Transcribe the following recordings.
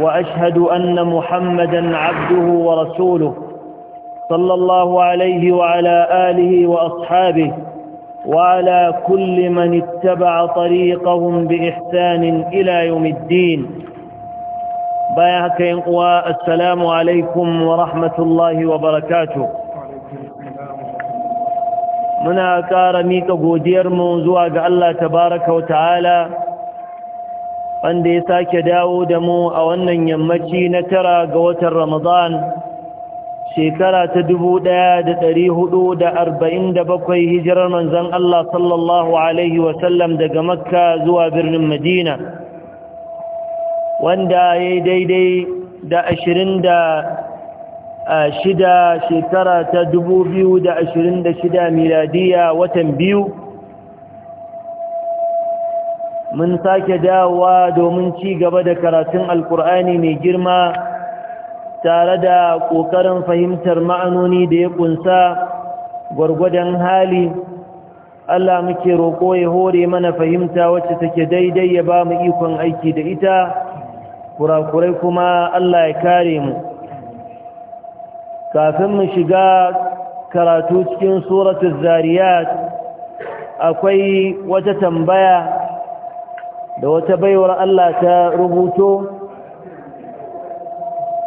وأشهد أن محمدا عبده ورسوله صلى الله عليه وعلى آله وأصحابه وعلى كل من اتبع طريقهم بإحسان إلى يوم الدين بايعك والسلام عليكم ورحمة الله وبركاته من أكار ميك godiyarmu zuwa ga Allah تبارك وتعالى wanda ya sake dawo da mu a wannan yammaci na tara ga watan ramadan shekara ta dubu ɗaya da ɗari hudu da arba'in da bakwai hijirar manzon Allah sallallahu Alaihi daga makka zuwa birnin madina wanda ya yi daidai da ashirin da shida shekara ta dubu biyu da ashirin da shida miladiya watan biyu mun sake dawowa domin ci gaba da karatun alkur'ani mai girma tare da ƙoƙarin fahimtar ma'anoni da ya ƙunsa gwargwadon hali Allah muke roƙo ya hore mana fahimta wacce take daidai ya ba mu ikon aiki da ita kurakurai kuma Allah ya kare mu kafin mu shiga karatu cikin suratul zariyat akwai wata tambaya da wata baiwar Allah ta rubuto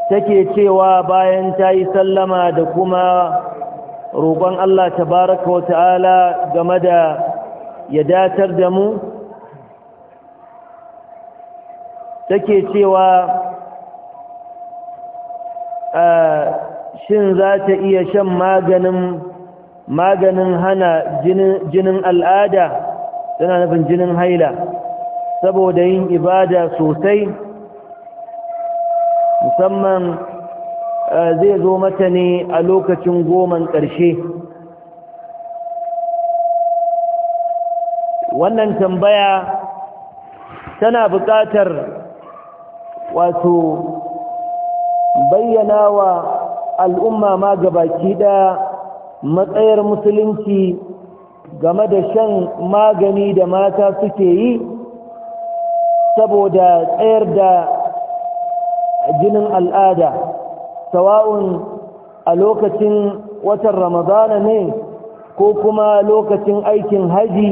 take cewa bayan ta yi sallama da kuma roƙon Allah baraka wa ta'ala game da ya datar da mu take cewa shin za ta iya shan maganin maganin hana jinin al'ada tana nufin jinin haila saboda yin ibada sosai musamman eh, zai zo mata ne a lokacin goman ƙarshe wannan tambaya tana buƙatar wato bayyana wa al'umma ma ga baki ɗaya matsayar musulunci game da shan magani da mata suke yi saboda tsayar da jinin al'ada sawa'un a lokacin watan ramadana ne ko kuma lokacin aikin haji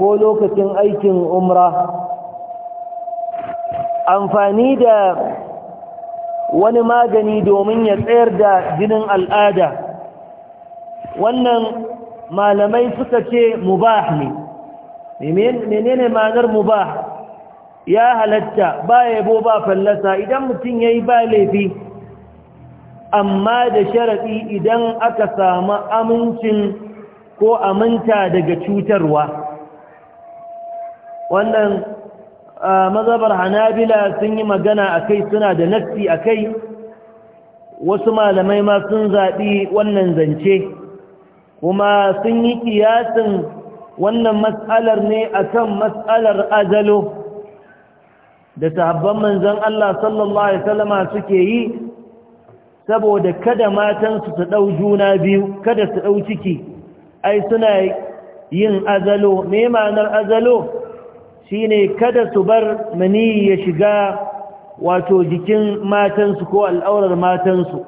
ko lokacin aikin umra amfani da wani magani domin ya tsayar da jinin al'ada wannan malamai suka ce mubah ne menene ma'anar mubah ya halatta ba yabo ba fallasa idan mutum ya yi ba laifi amma da sharaɗi idan aka samu amincin ko aminta daga cutarwa wannan mazabar hanabila sun yi magana a suna da nassi akai kai wasu malamai ma sun zaɓi wannan zance kuma sun yi kiyasin wannan matsalar ne akan matsalar azalo da sahabban manzon Allah sallallahu alaihi wasallama suke yi saboda kada matansu su dau juna biyu kada su dau ciki ai suna yin azalo me ma'anar azalo shine kada su bar mani ya shiga wato jikin matansu ko al'aurar matansu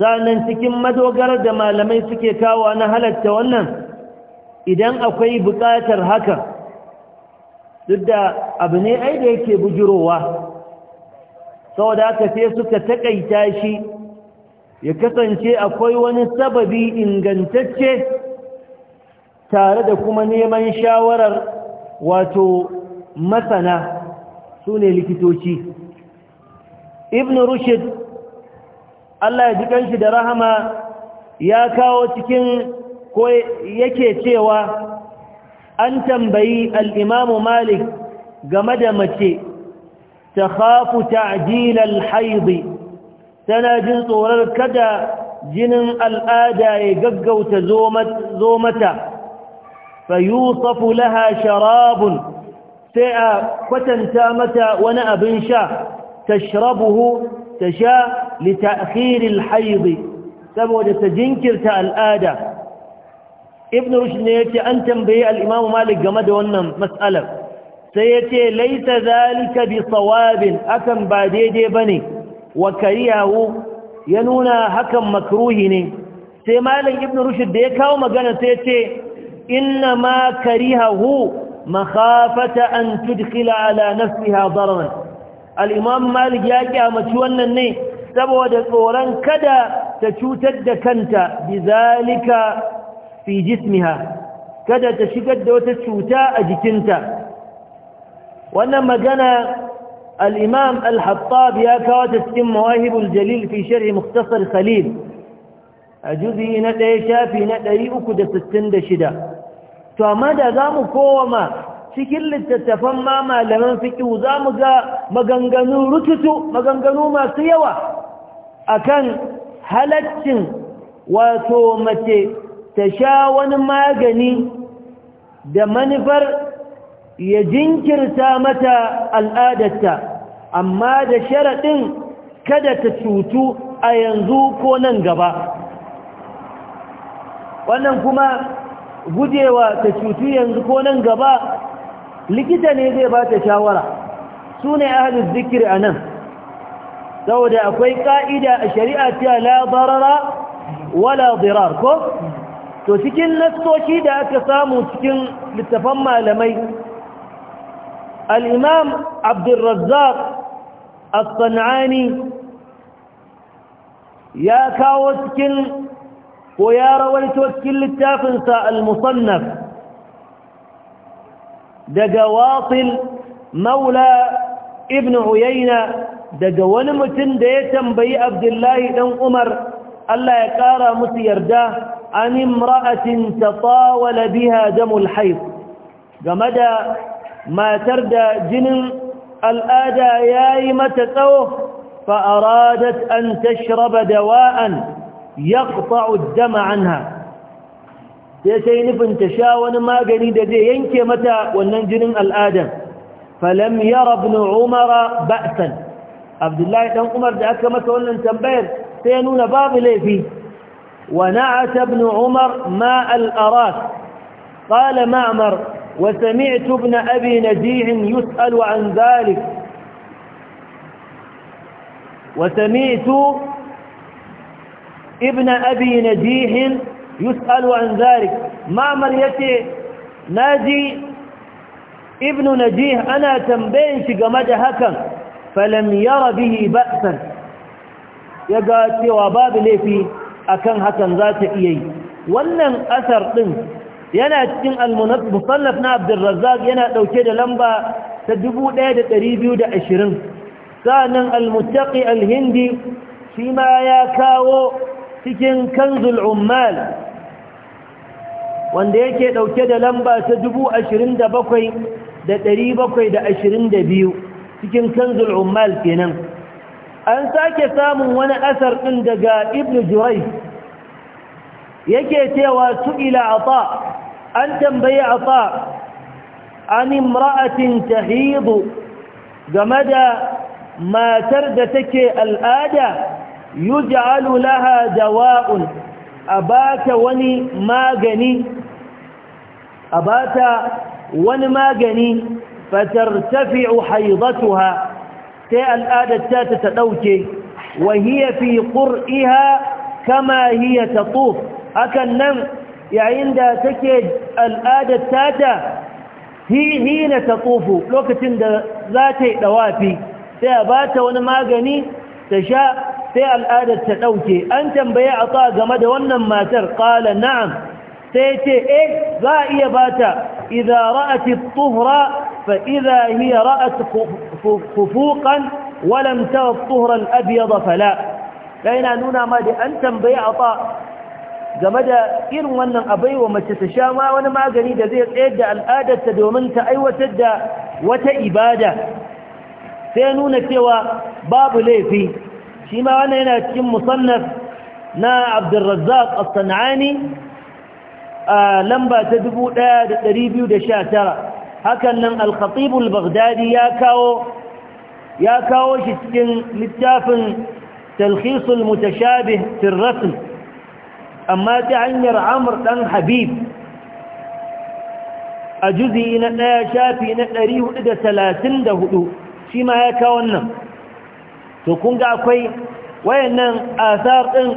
sannan cikin madogarar da malamai suke kawo na halatta wannan idan akwai buƙatar haka duk da abu ne ai da yake bujirowa saboda aka sai suka takaita shi ya kasance akwai wani sababi ingantacce tare da kuma neman shawarar wato masana su ne likitoci ibn rushid Allah ya ji shi da rahama ya kawo cikin ko yake cewa an tambayi al'imamu malik game da mace ta hafu ta'ajilal haidi tana jin tsoron kada jinin al'ada ya gaggauta zo mata fayusafu laha sharabun sai a kwatanta mata wani abin sha tashrabuhu ta sha li ta'khiril haidi saboda ta jinkirta al'ada ibn rushd ne yace an tambaye al-imam malik game da wannan mas'alar sai yace laita zalika bi sawabin akan ba daidai bane wa kariyahu ya nuna hakan makruhi ne sai malam ibn rushd da ya kawo magana sai yace inna ma karihahu makhafata an tudkhila ala nafsiha dararan al-imam malik ya kyamaci wannan ne saboda tsoron kada ta cutar da kanta bizalika fi jismiha kada ta shigar da wata cuta a jikinta wannan magana alimam imam al-hattab ya kawo ta cikin mawahibul jalil fi shari'a muktasar khalil a juzi na ɗaya shafi na ɗari uku da sittin da shida to amma da za mu ma cikin littattafan ma malaman fiƙiu za mu ga maganganu rututu maganganu masu yawa a kan halaccin wato mace ta sha wani magani da manufar ya jinkirta mata al'adarta amma da sharaɗin kada ta cutu a yanzu ko nan gaba wannan kuma gujewa ta cutu yanzu ko nan gaba likita ne zai ba ta shawara su ne ahalin zikir a nan saboda akwai ƙa'ida a shari'a ta labarara wala dirar ko to cikin nassoki da aka samu cikin littafan malamai al-imam abdurrazzaq as-sanani ya kawo cikin ko ya rawaito cikin littafinsa al-musannaf daga wasil maula ibn uyayna daga wani mutum da ya tambayi abdullahi dan umar Allah ya ƙara musu yarda عن امرأة تطاول بها دم الحيض جمدا ما تردى جن الآداء يائمة قوه فأرادت أن تشرب دواء يقطع الدم عنها يا يسينف تشاون ما جنيد دي ينك متى وننجن الآداء فلم ير ابن عمر بأسا عبد الله يتنقمر دعاك متى وننتنبير سينون باغ ليه فيه ونعت ابن عمر ماء الأراك قال معمر وسمعت ابن أبي نجيع يسأل عن ذلك وسمعت ابن أبي نجيح يسأل عن ذلك معمر يتي ناجي ابن نجيح أنا تنبينش قمد هكم فلم ير به بأسا يقال سوى باب ليه فيه akan hakan za ta iya yi wannan asar ɗin yana cikin al-musannaf na Abdurrazzaq yana ɗauke da lamba ta 1220 sanan al-muttaqi al-hindi shi ma ya kawo cikin kanzul ummal wanda yake ɗauke da lamba ta 27722 cikin kanzul ummal kenan an sake samun wani asar ɗin daga ibn jurai yake cewa su ila ata an tambaye ata an imra'atin tahidu game da matar da take al'ada yuj'alu laha dawa'un abata wani magani abata wani magani fatartafi'u haidatuha sai al'adar ta ta ɗauke wa hiya fi ƙur'iha kama hiya ta tuf hakan nan yayin da take al'adar ta ta hina ta tufu lokacin da za ta yi ɗawafi sai a ba ta wani magani ta sha sai al'adar ta ɗauke an tambaye a ta game da wannan matar ƙala na'am sai ce eh za a iya ba ta idara a tuhra فإذا هي رأت خفوقا abiya ترى fala الأبيض فلا لأينا نونا ما دي أن تنبيع عطاء game da irin wannan abai wa mace ta sha ma wani magani da zai tsayar da al'adarta domin ta aiwatar da wata ibada sai nuna cewa babu laifi shi ma wannan yana cikin musannaf na abdulrazzaq a sanani a lamba ta tara. hakan nan al baghdadi ya kawo ya kawo shi cikin littafin talkhisul mutashabih fi ar-rasm amma ta hanyar amr dan habib a juzi na ɗaya shafi na ɗari hudu da talatin da hudu shi ma ya kawo wannan to kun ga akwai wayannan asar ɗin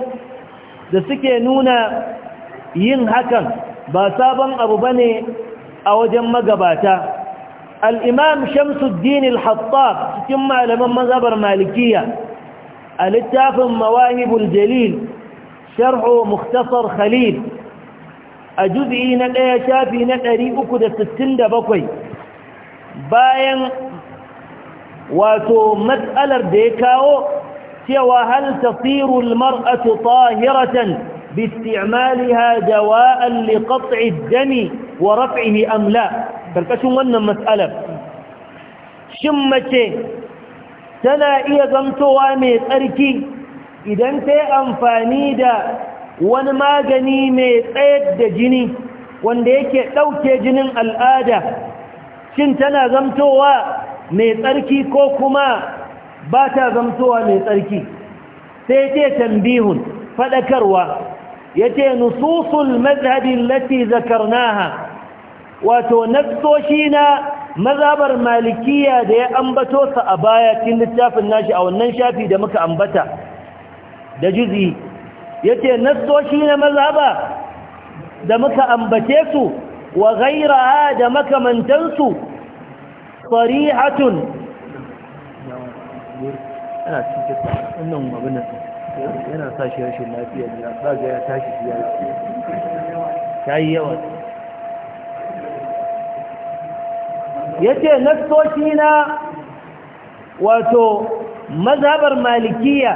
da suke nuna yin hakan ba sabon abu bane. a wajen magabata al'imam shamsuddin al-hattab cikin malaman mazhabar malikiya a littafin mawahibul jalil sharhu muktasar khalil a juz'i na ɗaya shafi na ɗari uku da da sittin bakwai bayan wato matsalar da ya kawo cewa hal tasiru al-mar'atu tahiratan bi isti'maliha dawa'an li qat'i ad-dami wa raf'ihi amla la karkashin wannan matsalar. shin mace tana iya zamtowa mai tsarki idan ta yi amfani da wani magani mai tsayar da jini wanda yake ɗauke jinin al'ada shin tana zamtowa mai tsarki ko kuma ba ta zamtowa mai tsarki sai ce tambihun faɗakarwa ya ce nususul mazhabin lati zakarnaha wato nassoshi na mazabar malikiya da ya ambato sa a baya cikin littafin nashi a wannan shafi da muka ambata da juzi yace nassoshi na mazaba da muka ambace su wa ghairaha da makamantansu sarihatun ana cikin wannan yana sa shi rashin lafiya ga ya tashi shi ya yi yawa yace ce na wato mazhabar malikiya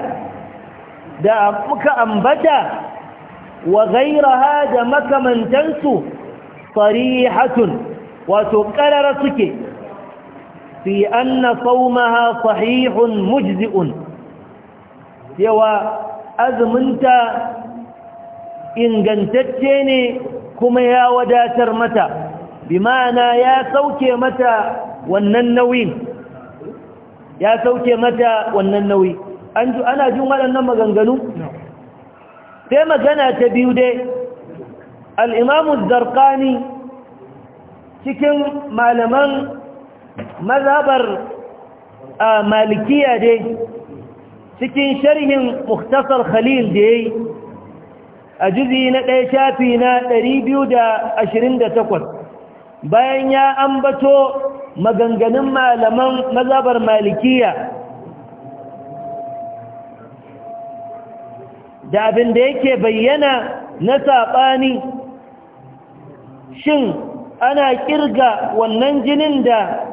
da muka ambata wa gairaha da makamantansu sarihatun wato karara suke fi anna saumaha sahihun mujzi'un yawa azuminta ingantacce ne kuma ya wadatar mata bi ma'ana ya sauke mata wannan nauyin ya sauke mata wannan nauyi an ju ana jin waɗannan maganganu sai magana ta biyu dai al'imamu zarkani cikin malaman a malikiya dai cikin sharhin muktasar khalil da ya yi a juzi na ɗaya shafi na 228 bayan ya ambato maganganun malaman mazabar malikiya da abin da yake bayyana na saɓani shin ana kirga wannan jinin da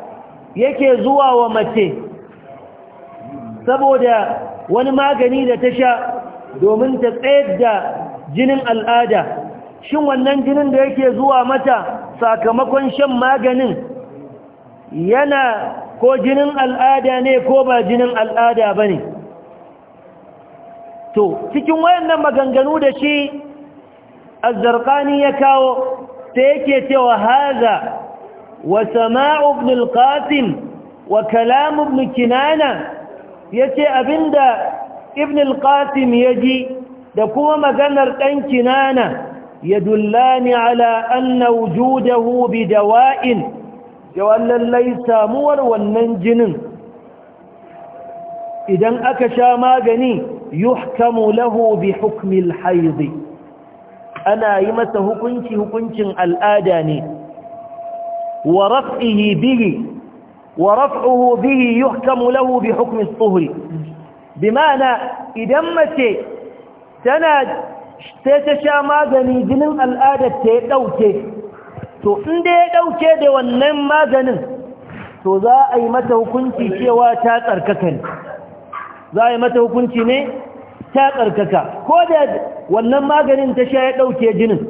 yake zuwa wa mace saboda wani magani da ta sha domin ta tsayar da jinin al'ada shin wannan jinin da yake zuwa mata sakamakon shan maganin yana ko jinin al'ada ne ko ba jinin al'ada ba ne to cikin wayannan maganganu da shi azzarkani ya kawo ta yake cewa haza wa sama'u ibn qasim wa kalam ibn kinana yace abinda ibn ya qasim yaji da kuma maganar dan kinana يدلان على أن وجوده بدواء جوالا ليس مور والننجن إذا أكشى جني يحكم له بحكم الحيض أنا يمس هكنش هكنش الآداني ورفعه به ورفعه به يحكم له بحكم الطهر بمعنى إذا متي تناد sai ta sha magani jinin al'adar ta ya ɗauke to inda ya ɗauke da wannan maganin to za a yi mata hukunci cewa ta tsarkaka ne za a yi mata hukunci ne ta tsarkaka ko da wannan maganin ta sha ya ɗauke jinin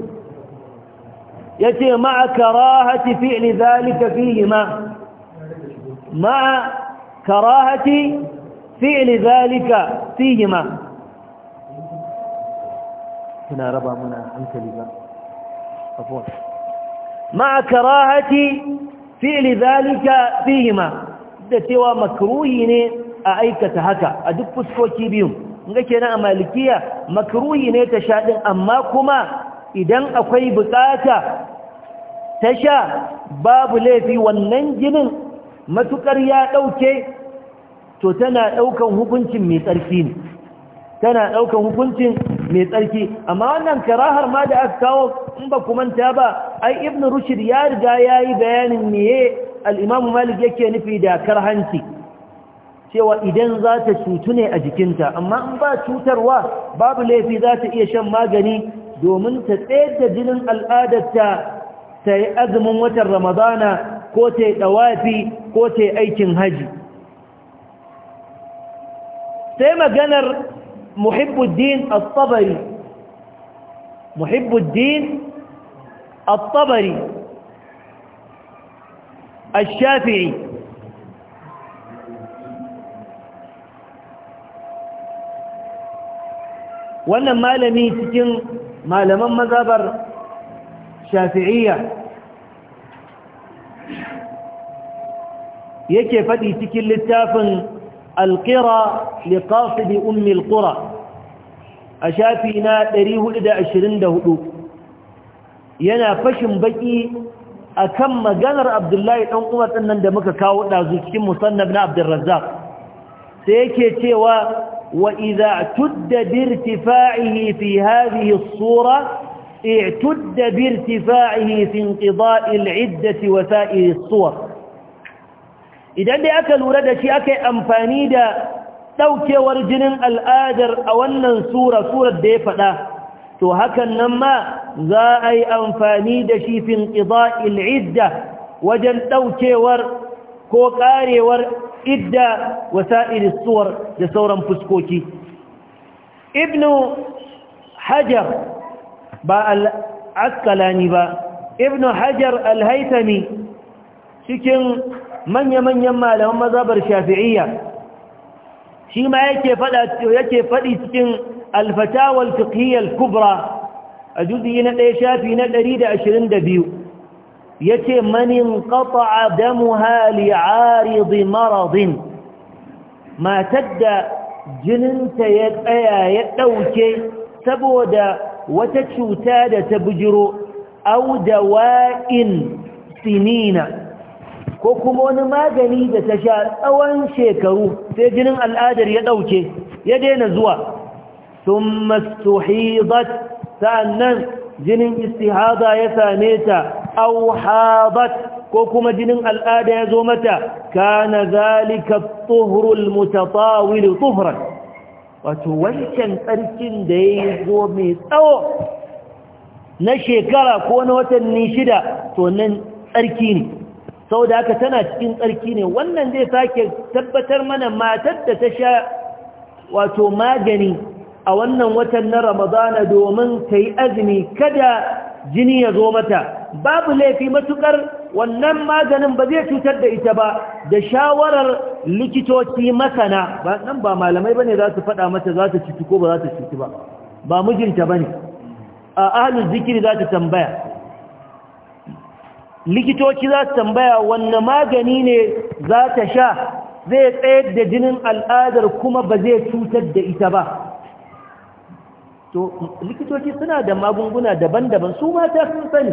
ya ce ma'a karahati fi'li zalika fi ma ma'a karahati fi'li zalika fi ma suna raba mana hankali ba ma'a karahati fi'li zalika fihima da cewa makruhi ne a aikata haka a duk fuskoki biyu ga kenan a malikiya makruhi ne ta sha din amma kuma idan akwai bukata ta sha babu laifi wannan jinin matukar ya dauke to tana daukan hukuncin mai tsarki ne tana daukan hukuncin mai tsarki amma wannan karahar ma da aka kawo in ba ku manta ba ai ibn rushd ya riga yayi bayanin meye al malik yake nufi da karhanci cewa idan za ta cutu ne a jikinta amma in ba cutarwa babu laifi za ta iya shan magani domin ta tsayar jinin al'adarta ta yi azumin watan ramadana ko ta yi ɗawafi ko ta yi aikin haji sai maganar محب الدين الطبري محب الدين الطبري الشافعي wannan malami cikin malaman mazabar shafi'iyya yake faɗi cikin littafin القرى لقاصد أم القرى أشافينا دريه إذا أشرين دهدو ينا فشم بكي أكم قنر عبد الله الأم قمت أنن دمك كاوتنا زوجك مصنى بن عبد الرزاق سيكي تيوى وإذا اعتد بارتفاعه في هذه الصورة اعتد بارتفاعه في انقضاء العدة وسائر الصور idan dai aka lura da shi aka yi amfani da ɗaukewar jinin al'adar a wannan sura surar da ya faɗa to hakan nan ma za a yi amfani da shi fin ƙiza il'idda wajen ɗaukewar ko ƙarewar idda wasa'ir suwar da sauran fuskoki ibnu hajar ba al'askalani ba ibnu hajar al-haitami cikin manya-manyan malaman mazabar shafi'iyya shi ma yake faɗi yake cikin al-fatawa al kubra a juz'i na 1 shafi na 122 yace man inqata'a hali li'arid marad matar da jininta ya tsaya ya dauke saboda wata cuta da ta bujiro aw wa'in sinina ko kuma wani magani da ta sha tsawon shekaru sai jinin al'adar ya ɗauke ya daina zuwa sun mastuhidat sa'annan jinin istihaza ya same ta auhabat ko kuma jinin al'ada ya zo mata kana zalika tuhrul mutatawil tuhran wato wancan tsarkin da ya zo mai tsawo na shekara ko na watanni shida to nan tsarki ne saboda haka tana cikin tsarki ne wannan zai sake tabbatar mana matar da ta sha wato magani a wannan watan na ramadana domin ta yi azumi kada jini ya zo mata babu laifi matukar wannan maganin ba zai cutar da ita ba da shawarar likitoci masana ba nan ba malamai ne za su faɗa mata za ta cutu ko ba za ta cutu ba ba mijinta ne a ahlul zikiri za ta tambaya likitoci za su tambaya wanne magani ne za ta sha zai tsayar da jinin al'adar kuma ba zai cutar da ita ba to likitoci suna da magunguna daban-daban su mata sun sani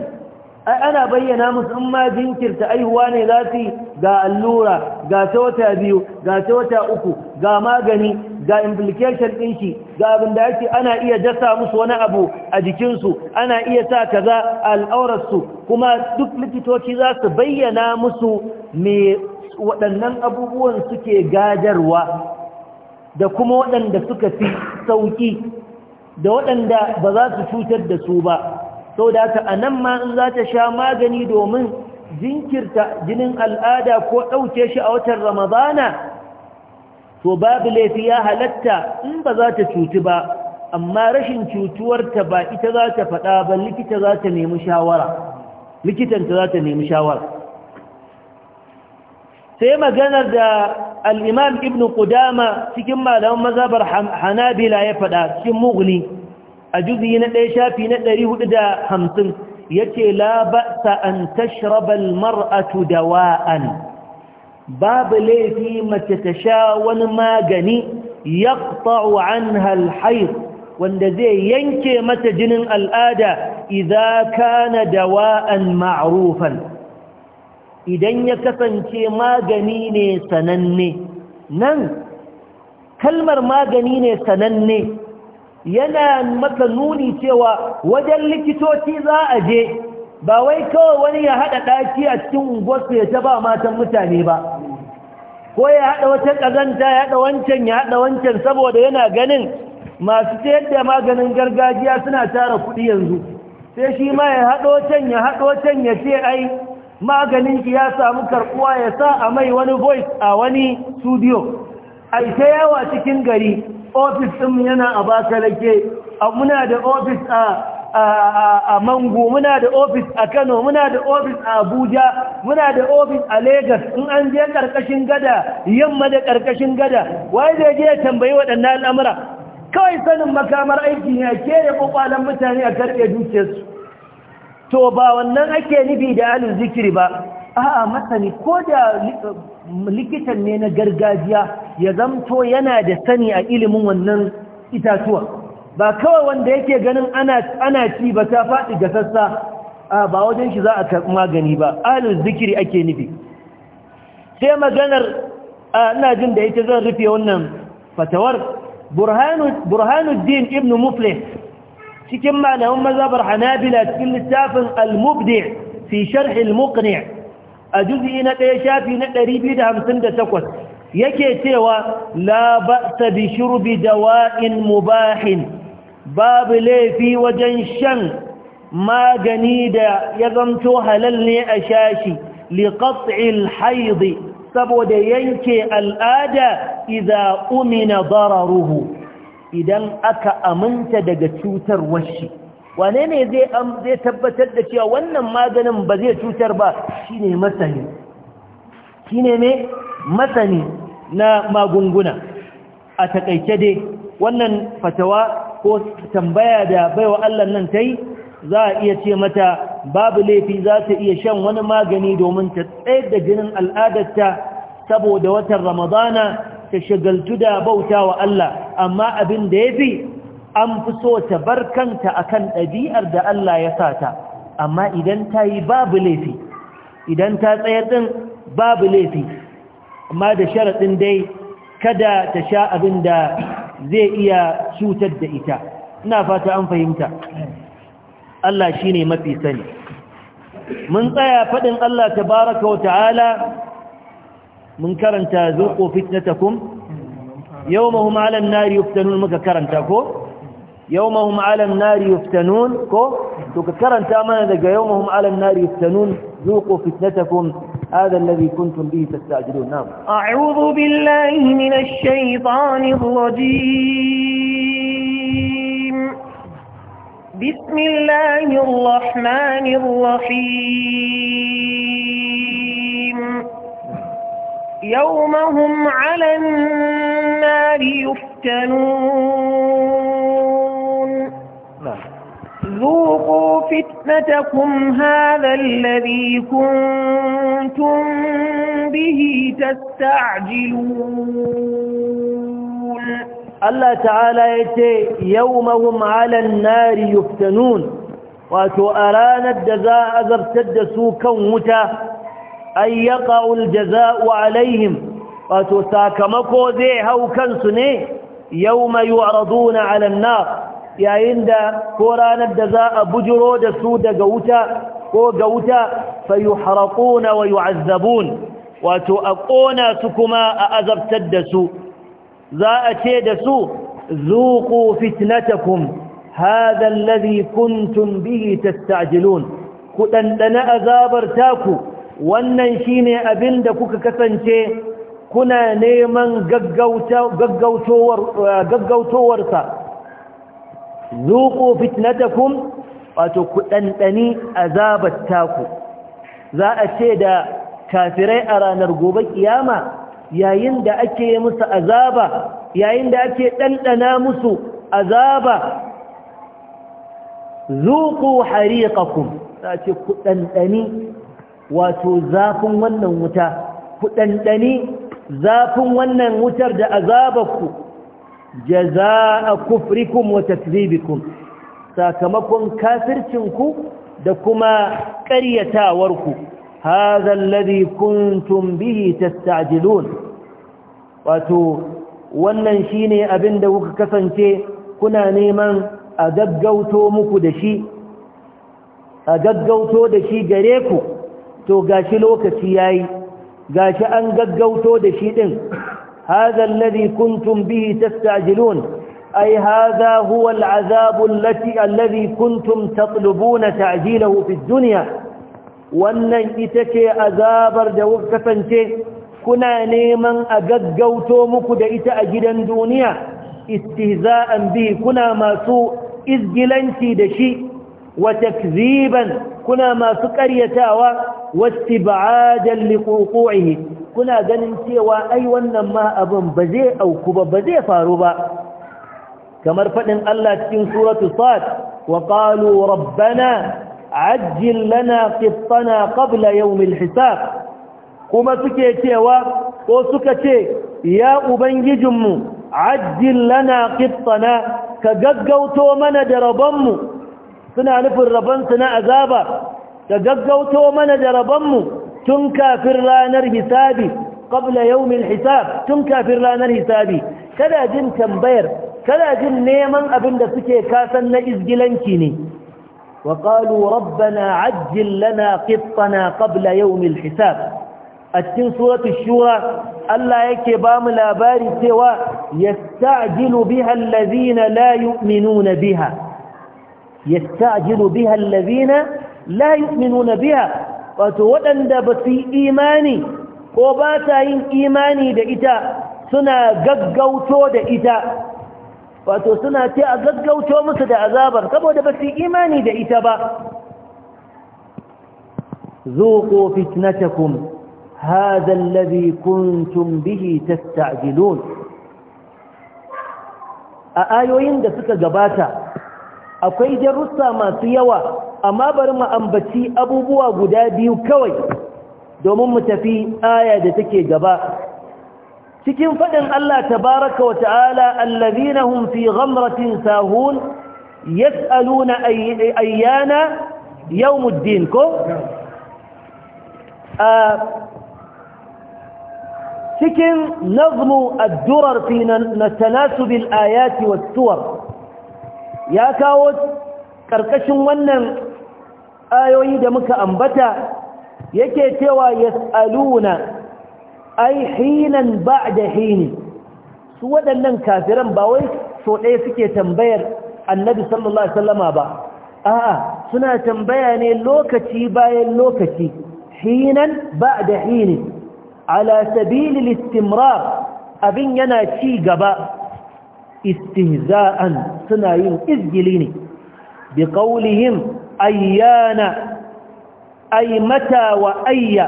ai ana bayyana musu in ma jinkirta aihuwa ne za su ga allura ga ta wata biyu ga ta wata uku ga magani ga implication ɗin shi ga abin da yake ana iya dasa musu wani abu a jikinsu ana iya sa kaza al'aurarsu kuma duk likitoci za su bayyana musu me waɗannan abubuwan suke gadarwa da kuma waɗanda suka fi sauƙi da waɗanda ba za su cutar da su ba saboda a anan ma in za ta sha magani domin jinkirta jinin al'ada ko ɗauke shi a watan ramadana to babu laifi ya halatta in ba za ta cutu ba amma rashin cutuwarta ba ita za ta faɗa ba likita za ta nemi shawara likitanta za ta nemi shawara sai maganar da al'imam ibn Ƙudama cikin malaman mazabar hanabila ya faɗa cikin mugni a juzi na ɗaya shafi na ɗari hudu da hamsin ya ce labasa an tashrabal mar'atu wa'an babu laifi mace ta sha wani magani ya ƙta'u an halhair wanda zai yanke mata jinin al'ada idan da wa'an ma'arufan idan ya kasance magani ne sananne nan kalmar magani ne sananne yana maka nuni cewa wajen likitoci za a je ba wai kawai wani ya haɗa ɗaki a cikin unguwarsu ya ta matan mutane ba ko ya haɗa wata kazanta ya haɗa wancan ya haɗa wancan saboda yana ganin masu sayar da maganin gargajiya suna tara kuɗi yanzu sai shi ma ya haɗo can ya haɗo can ya ce ai maganin ki ya samu karkuwa ya sa a mai wani voice a wani studio ai ta yawa cikin gari ofis ɗin yana a bakalake muna da ofis a mango muna da ofis a kano muna da ofis a abuja muna da ofis a Legas. in an je ƙarƙashin gada yamma da ƙarƙashin gada wai zai je tambayi waɗannan al'amura kawai sanin makamar aiki ne ke da ƙwaƙwalen mutane a karɓe dukiyarsu to ba wannan ake nufi da alin zikiri ba a'a masani ko likitan ne na gargajiya ya zamto yana da sani a ilimin wannan itatuwa ba kawai wanda yake ganin ana ci ba ta faɗi ga sassa ba wajen shi za a karɓi magani ba alul zikiri ake nufi sai maganar ina jin da ita zan rufe wannan fatawar burhanuddin ibn muflih cikin malamin mazabar hanabila cikin littafin al-mubdi fi sharh al-muqni' a juzi na ɗaya shafi na 258 yake cewa la ba'sa bi shurbi dawa'in mubahin babu laifi wajen shan magani da ya zamto halal ne a shashi liqat'il haid saboda yanke al'ada iza umina dararuhu idan aka aminta daga cutar washi wane ne zai tabbatar da cewa wannan maganin ba zai cutar ba shine masani me masani na magunguna a takaice dai wannan fatawa ko tambaya da baiwa Allah nan yi, za a iya ce mata babu laifi za ta iya shan wani magani domin ta tsayar da jinin al'adarta saboda watan ramadana ta shagaltu da bauta wa Allah amma abin da ya fi an fi so ta bar kanta akan ɗabi'ar da Allah ya sa ta amma idan ta yi babu laifi idan ta tsayar ɗin babu laifi amma da sharaɗin dai kada ta sha abin da zai iya cutar da ita ina fata an fahimta Allah shi ne mafi sani mun tsaya faɗin Allah baraka wa ta'ala mun karanta zuƙo fitnatakum yawmahum 'alan nari yuftanun muka karanta ko يومهم على النار يفتنون yuftanun ko to ka karanta mana daga yawmahum 'ala an-nari هذا الذي كنتم به تستعجلون نعم أعوذ بالله من الشيطان الرجيم بسم الله الرحمن الرحيم يوم هم على النار يفتنون فتنتكم هذا الذي كنتم به تستعجلون الله تعالى يتي يومهم على النار يفتنون وتؤران الجزاء ارتد سوكا متى أن يقع الجزاء عليهم وتساكمكو ذي هوكا سنين يوم يعرضون على النار yayin da ko ranar da za a bujiro da su daga wuta ko ga wuta fayuhraquna wa yu'azzabun wato a ƙona su kuma a azabtar da su za a ce da su zuqu fitnatakum hadha alladhi kuntum bihi tasta'jilun ku dandana azabar taku wannan shine da kuka kasance kuna neman gaggautowar zuqu fitnatakum wato ku dandani azabar taku za a ce da kafirai a ranar gobe kiyama yayin da ake musu azaba yayin da ake ɗanɗana musu azaba zuqu hariqakum za a ce ku dandani wato zafin wannan wuta ku dandani zafin wannan wutar da azabarku jaza'a kufrikum wa takdhibikum sakamakon kafircinku da kuma ku hadha alladhi kuntum bihi tasta'jilun wato wannan shine abin da kuka kasance kuna neman a gaggauto muku da shi a gaggauto da shi gare ku to gashi lokaci yayi gashi an gaggauto da shi din هذا الذي كنتم به تستعجلون أي هذا هو العذاب التي الذي كنتم تطلبون تعجيله في الدنيا وأن إتك أذاب رجوك كنا نيما أجد قوتومك دئت أجدا دونيا استهزاء به كنا ما سوء إذ جلنتي دشيء وتكذيبا كنا ما سكر يتاوى واستبعادا لقوقوعه كنا ganin cewa ai wannan ma abin ba zai auku ba ba zai faru ba kamar fadin Allah cikin suratu sad wa qalu rabbana ajjil lana qittana qabla yawm alhisab kuma suke cewa ko suka ce ya ubangijinmu ajjil lana qittana ka gaggauto mana da rabonmu suna nufin rabonsu na azaba da gaggauto mana da rabonmu tun kafin ranar hisabi yau mil hisab tun kafin ranar hisabi kada jin tambayar kada jin neman abin da suke kasan na izgilanci ne wa qalu rabbana ajjil lana ƙabla yau mil hisab a cikin suratul shura Allah yake ba mu labari cewa yasta'jilu biha alladhina la yu'minuna biha يستعجل بها الذين لا يؤمنون بها وتودن دبسي إيماني وباتين إيماني دئتا سنة ققوتو دئتا wato suna ce a gaggauto musu da azabar saboda ba su imani da ita ba zuqu fitnatakum hadha alladhi kuntum bihi tasta'jilun a ayoyin da suka gabata akwai darussa masu yawa amma bari mu ambaci abubuwa guda biyu kawai domin mu tafi aya da take gaba cikin fadin Allah tabaraka wa ta'ala allazina hum fi ghamratin sahun yas'aluna ayyana yawmuddin ko cikin nazmu ad-durar fi tanasubil ayati was-suwar ya kawo ƙarƙashin wannan ayoyi da muka ambata yake cewa yas'aluna ai hinan ba'da hini su waɗannan kafiran ba wai so ɗaya suke tambayar annabi sallallahu alaihi wasallama ba a'a suna tambaya ne lokaci bayan lokaci hinan ba'da hini ala sabilil istimrar abin yana ci gaba istihza'an suna yin izgili ne bi qawlihim ayyana ay mata wa ayya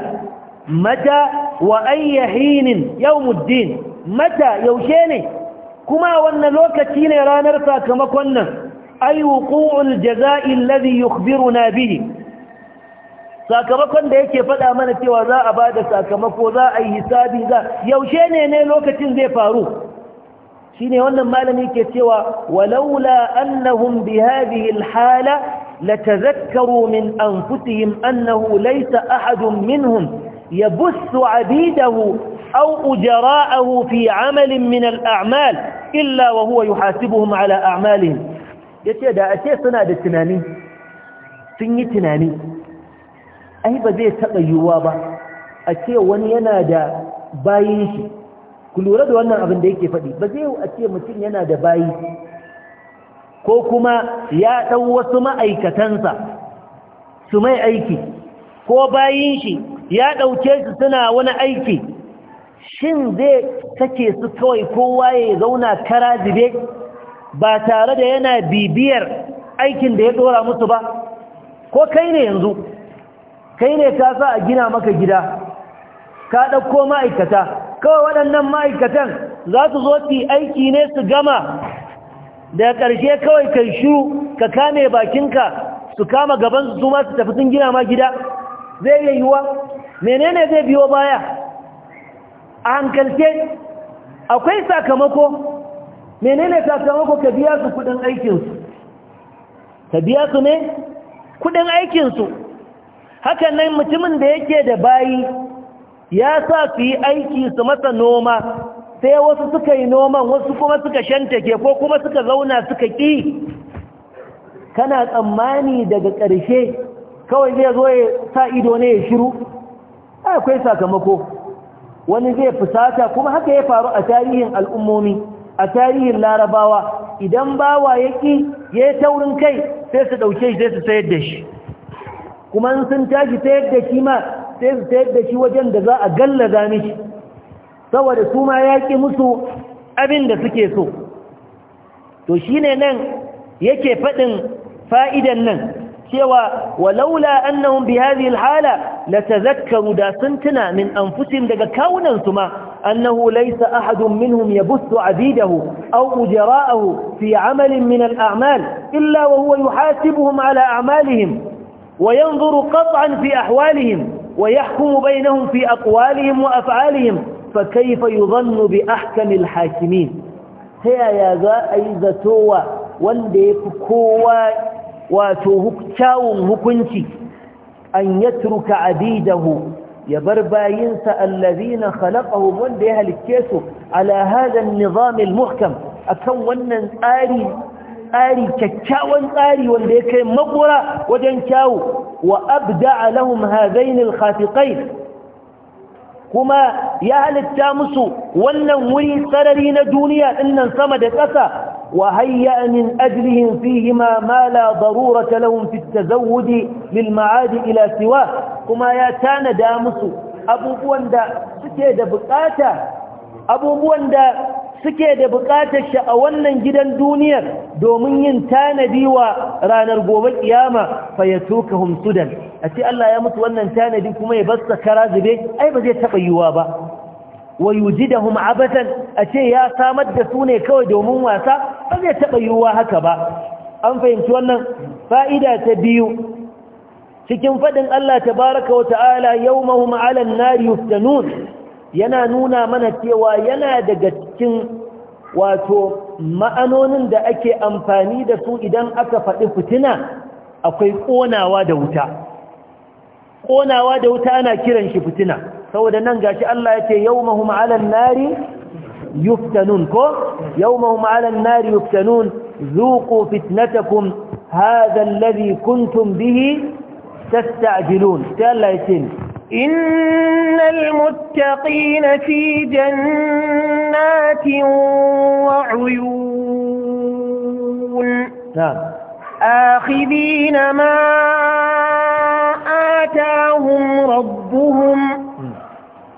mata wa ayya hinin yawmuddin mata yaushe ne kuma wannan lokaci ne ranar sakamakon nan ay wuqu'ul jazaa'i alladhi yukhbiruna bihi sakamakon da yake faɗa mana cewa za a bada sakamako za a yi hisabi za yaushe ne ne lokacin zai faru shine wannan malami ke cewa walaula annahum bi hadhihi alhala لتذكروا من أنفسهم أنه ليس أحد منهم يبث عبيده أو أجراءه في عمل من الأعمال إلا وهو يحاسبهم على أعمالهم yace da a ce suna da tunani sun yi tunani ai ba zai taɓa yiwuwa ba a ce wani yana da bayin shi ku lura da wannan abin da yake faɗi ba zai a ce mutum yana da bayi ko kuma ya ɗau wasu ma'aikatansa su mai aiki ko bayin shi ya ɗauke su suna wani aiki shin zai sake su kawai kowa ya zauna kara jibe ba tare da yana bibiyar aikin da ya ɗora musu ba ko kai ne yanzu kai ne ka sa a gina maka gida ka ɗauko ma'aikata kawai waɗannan ma'aikatan za su zo su aiki ne su gama da ƙarshe kawai kai shiru ka kame bakinka su kama gaban su ma su tafi sun gina ma gida zai iya yiwuwa menene zai biyo baya a hankalce akwai sakamako menene sakamako ka biya su kudin aikinsu ka biya su ne kudin aikinsu hakan nan mutumin da yake da bayi ya sa su yi aiki su masa noma sai wasu suka yi noman wasu kuma suka shantake ko kuma suka zauna suka ƙi kana tsammani daga ƙarshe kawai zai zo ya sa ido ne ya shiru akwai sakamako wani zai fusata kuma haka ya faru a tarihin al'ummomi a tarihin larabawa idan bawa ya ƙi ya yi taurin kai sai su ɗauke shi sai su sayar da shi kuma sun tashi sayar da shi ma sai su tayar da shi wajen da za a gallaza mishi saboda su ma ya ƙi musu abin da suke so to shi ne nan yake faɗin fa'idan nan cewa walaula annahum bi hadhihi alhala latazakkaru da sun tuna min anfusihim daga kawunan su ma annahu laysa ahadun minhum yabuthu abidahu aw ujra'ahu fi 'amalin min al'amal illa wa huwa yuhasibuhum ala a'malihim وينظر قطعا في أحوالهم ويحكم بينهم في أقوالهم وأفعالهم فكيف يظن بأحكم الحاكمين هي يا ذا أي ذاتوا وانديك كوا وتهكتاو هكنتي أن يترك عبيده يبربا ينسى الذين خلقهم وانديها للكيسو على هذا النظام المحكم أكون أن آلي tsari kyakkyawan tsari wanda ya kai makura wajen kyawu wa a lahum hadain alkhafiqain kuma ya halitta musu wannan wuri sarari na duniya dinnan sama da ƙasa wa hayya min ajlihim fihima ma la darurata lahum fi at-tazawwud lil ma'ad ila siwa kuma ya tanada musu abubuwan da suke da bukata abubuwan da suke da buƙatar shi a wannan gidan duniyar domin yin tanadi wa ranar gobe kiyama fa tuka sudan a ce Allah ya mutu wannan tanadi kuma ya basta kara zube ai ba zai taba yiwuwa ba wa yujidahum abatan a ce ya samar da su ne kawai domin wasa ba zai taba yiwuwa haka ba an fahimci wannan fa'ida ta biyu cikin fadin Allah tabaraka wa ta'ala yawmahum 'alan nari yuftanun yana nuna mana cewa yana daga cikin wato ma'anonin da ake amfani da su idan aka faɗi fitina akwai ƙonawa da wuta ƙonawa da wuta ana kiran shi fitina saboda nan gashi Allah ya ce yawmahum 'alan nari yuftanun ko yawmahum 'alan nari yuftanun zuƙo fitnatakun hadha alladhi kuntum bihi tasta'jilun ta Allah ya ce إن المتقين في جنات وعيون نعم آخذين ما آتاهم ربهم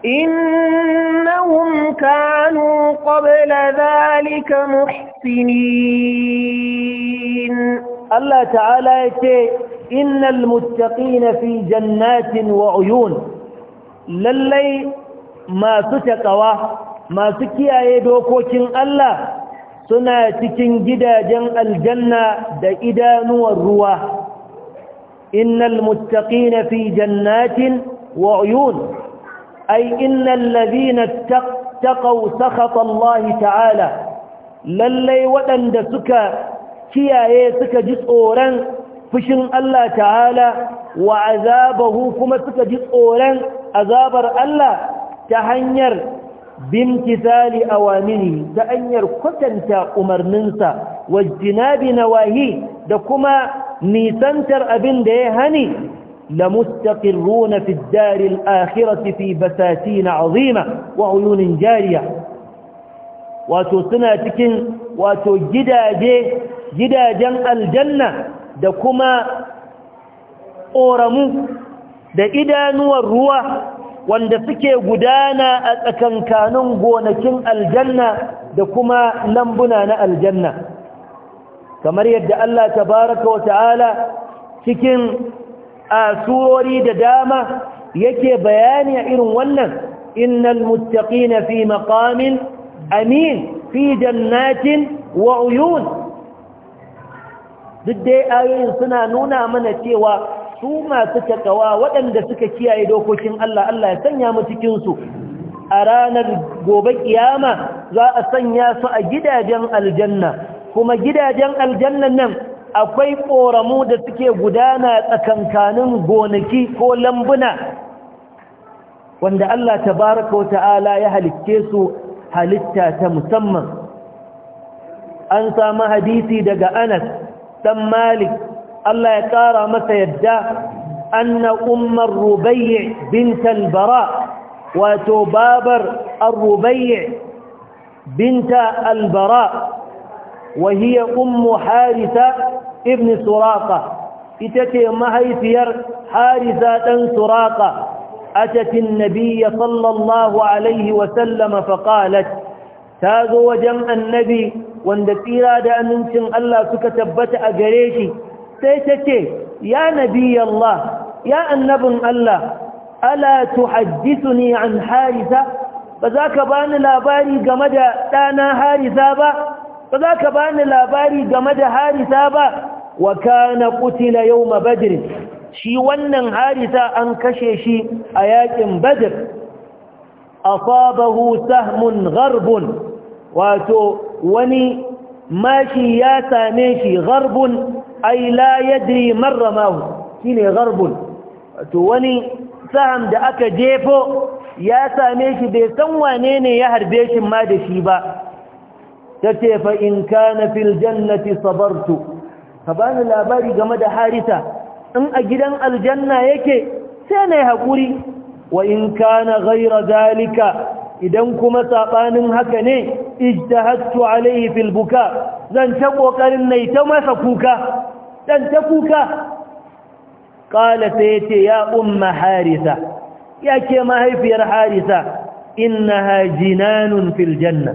إنهم كانوا قبل ذلك محسنين الله تعالى يتي innal muttaqina fi jannatin wa uyun lallai masu takawa masu kiyaye dokokin Allah suna cikin gidajen aljanna da idanuwar ruwa innal muttaqina fi jannatin wa uyun ay innal ladhina taqaw sakhata Allah ta'ala lallai waɗanda suka kiyaye suka ji tsoron fushin Allah ta'ala wa azabahu kuma suka ji tsoron azabar Allah ta hanyar bimtisali awamini ta hanyar kwatanta umarninsa na nawahi da kuma nisantar abin da ya hani la mustaqirruna fi ad-dari al-akhirati fi basatin 'azima wa jariya wato suna cikin wato gidaje gidajen aljanna da kuma ƙoramu da idanuwar ruwa wanda suke gudana a tsakankanin gonakin aljanna da kuma lambuna na aljanna kamar yadda Allah tabaraka wa ta'ala cikin asurori da dama yake bayani a irin wannan innal na fi maƙamin amin fi jannatin wa uyun duk dai ayoyin suna nuna mana cewa su masu takawa waɗanda suka kiyaye dokokin Allah Allah ya sanya mu cikin a ranar gobe kiyama za a sanya su a gidajen aljanna kuma gidajen aljanna nan akwai koramu da suke gudana tsakankanin gonaki ko lambuna wanda Allah tabaraka wa ta'ala ya halicce su halitta ta musamman an samu hadisi daga Anas دم مالك الله يكارى متى يدى أن أم الربيع بنت البراء وتبابر الربيع بنت البراء وهي أم حارثة ابن سراقة اتكي مهيثير حارثة سراقة أتت النبي صلى الله عليه وسلم فقالت تاذو جمع النبي wanda tsira da amincin Allah suka tabbata a gare shi sai ta ce ya Nabiya Allah ya annabin Allah ala tuhaddithuni an harisa ba za ka bani labari game da ɗana harisa ba ba za ka bani labari game da harisa ba wa kana qutila yawma badr shi wannan harisa an kashe shi a yakin badr asabahu sahmun garbun. wato wani mashi ya same shi garbun Aila yadri marra shine garbun wato wani saham da aka jefo ya same shi bai san wane ne ya harbe shi ma da shi ba tace fa in kana fil jannati sabartu bani labari game da harita in a gidan aljanna yake sai na hakuri wa in kana ghayra zalika idan kuma saɓanin haka ne ijtahattu alaihi fil buka zan ta kokarin nayi ta masa kuka dan ta kuka qala sayati ya umma harisa yake mahaifiyar harisa innaha jinanun fil janna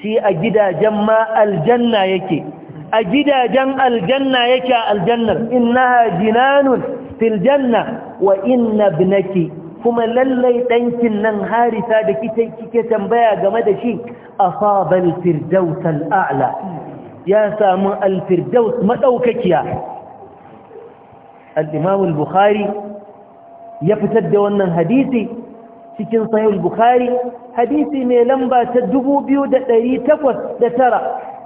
shi a gidajen ma aljanna yake a gidajen aljanna yake aljannar innaha jinanun fil janna wa inna ibnaki kuma lallai ɗankin nan harisa da kike tambaya game da shi A fabar alfirdaus al'a'la ya samu alfirdaus madaukakiya al bukhari ya fitar da wannan hadisi cikin sahih bukhari hadisi mai lamba ta 2809